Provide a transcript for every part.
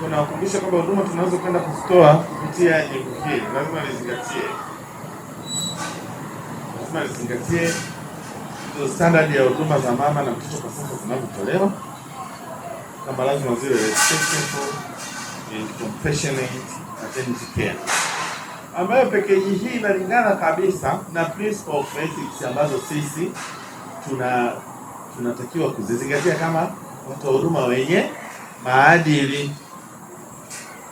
tunawakumbusha kwamba huduma tunazo kwenda kuzitoa kupitia jengo hili lazima lizingatie, lazima lizingatie standard ya huduma za mama na mtoto kwa sasa zinavyotolewa, kama lazima ziwe compassionate maternity care, ambayo pekeji hii inalingana kabisa na principle of ethics ambazo sisi tuna tunatakiwa kuzizingatia kama watu wa huduma wenye maadili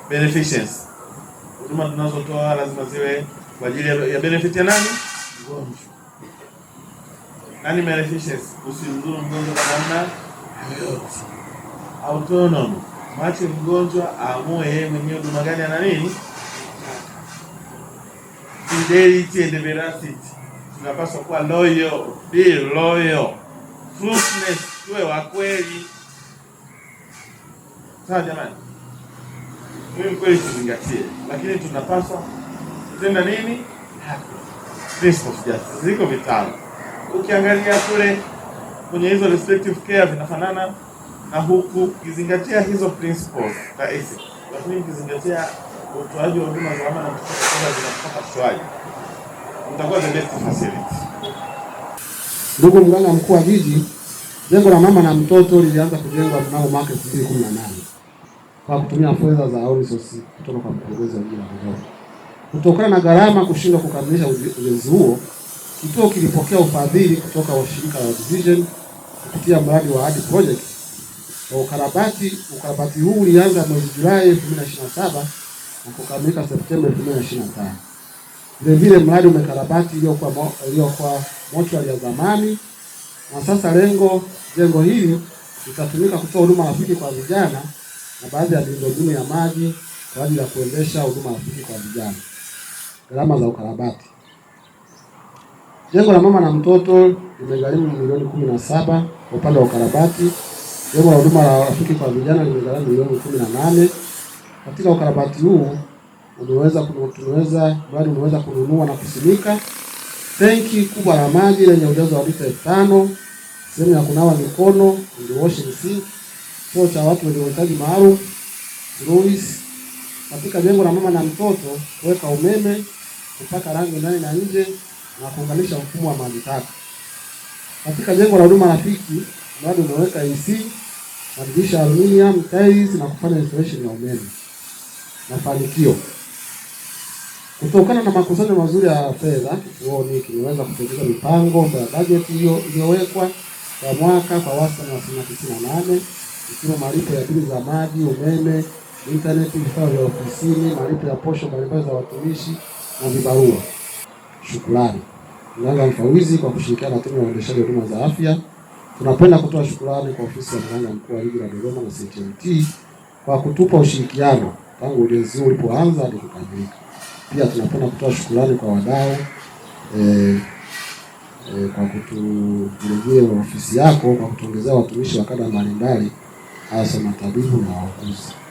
beneficiaries. Huduma tunazotoa lazima ziwe kwa ajili ya benefit ya nani? Mgonjwa. Nani beneficiaries? Usimdhuru mgonjwa kwa namna yoyote. Autonomy, mwache mgonjwa aamue yeye mwenyewe huduma gani ana nini. Fidelity and veracity, tunapaswa kuwa loyal, be loyal, truthfulness, tuwe wa kweli. Sawa jamani. Mimi kweli tuzingatie, lakini tunapaswa kutenda nini? Haki, principles ziko vitano. Ukiangalia kule kwenye hizo respective care vinafanana na huku, ukizingatia hizo principles za ethics, lakini ukizingatia utoaji wa huduma za amana swali, utakuwa the best facility. Ndugu mganga mkuu wa jiji, jengo la mama na mtoto lilianza kujengwa mnamo mwaka 2018 kwa kutumia fedha za resources kutoka kwa mkurugenzi wa jiji la Kondoa. Kutokana na gharama kushindwa kukamilisha ujenzi huo, kituo kilipokea ufadhili kutoka washirika la Division kupitia mradi wa Hadi Project. Ukarabati ukarabati huu ulianza mwezi Julai 2027 na kukamilika Septemba 2025. Vile vile mradi umekarabati iliyokuwa iliyokuwa mochwari ya zamani na sasa lengo jengo hili litatumika kutoa huduma rafiki kwa vijana na baadhi ya miundombinu ya maji kwa ajili ya kuendesha huduma rafiki kwa vijana. Gharama za ukarabati. Jengo la mama na mtoto limegharimu milioni kumi na saba kwa upande wa ukarabati. Jengo la huduma rafiki kwa vijana limegharimu milioni kumi na nane. Katika ukarabati huu umeweza tumeweza bali umeweza kununua na kusimika tenki kubwa la maji lenye ujazo wa lita elfu tano, sehemu ya kunawa mikono, ndio washing sink kituo cha watu wenye uhitaji maalum Luis, katika jengo la mama na mtoto, kuweka umeme, kupaka rangi ndani na nje na kuunganisha mfumo wa maji taka. Katika jengo la huduma rafiki, mradi umeweka AC, madirisha aluminium, tiles na kufanya installation ya umeme. Mafanikio kutokana na makusanyo mazuri ya fedha ni kimeweza kutekeleza mipango ya bajeti hiyo iliyowekwa kwa mwaka kwa wastani wa asilimia tisini na nane ikiwa malipo ya bili za maji, umeme, intaneti, vifaa vya ofisini, malipo ya posho mbalimbali za watumishi na vibarua. Shukrani mganga mfawizi kwa kushirikiana na timu ya uendeshaji huduma za afya. Tunapenda kutoa shukrani kwa ofisi ya mganga mkuu wa jiji la Dodoma na CTMT kwa kutupa ushirikiano tangu ujenzi ulipoanza hadi kukamilika. Pia tunapenda kutoa shukrani kwa wadau eh, eh, kwa kutu ofisi yako kwa kutuongezea watumishi wa kada mbalimbali. essa matéria dos monólogos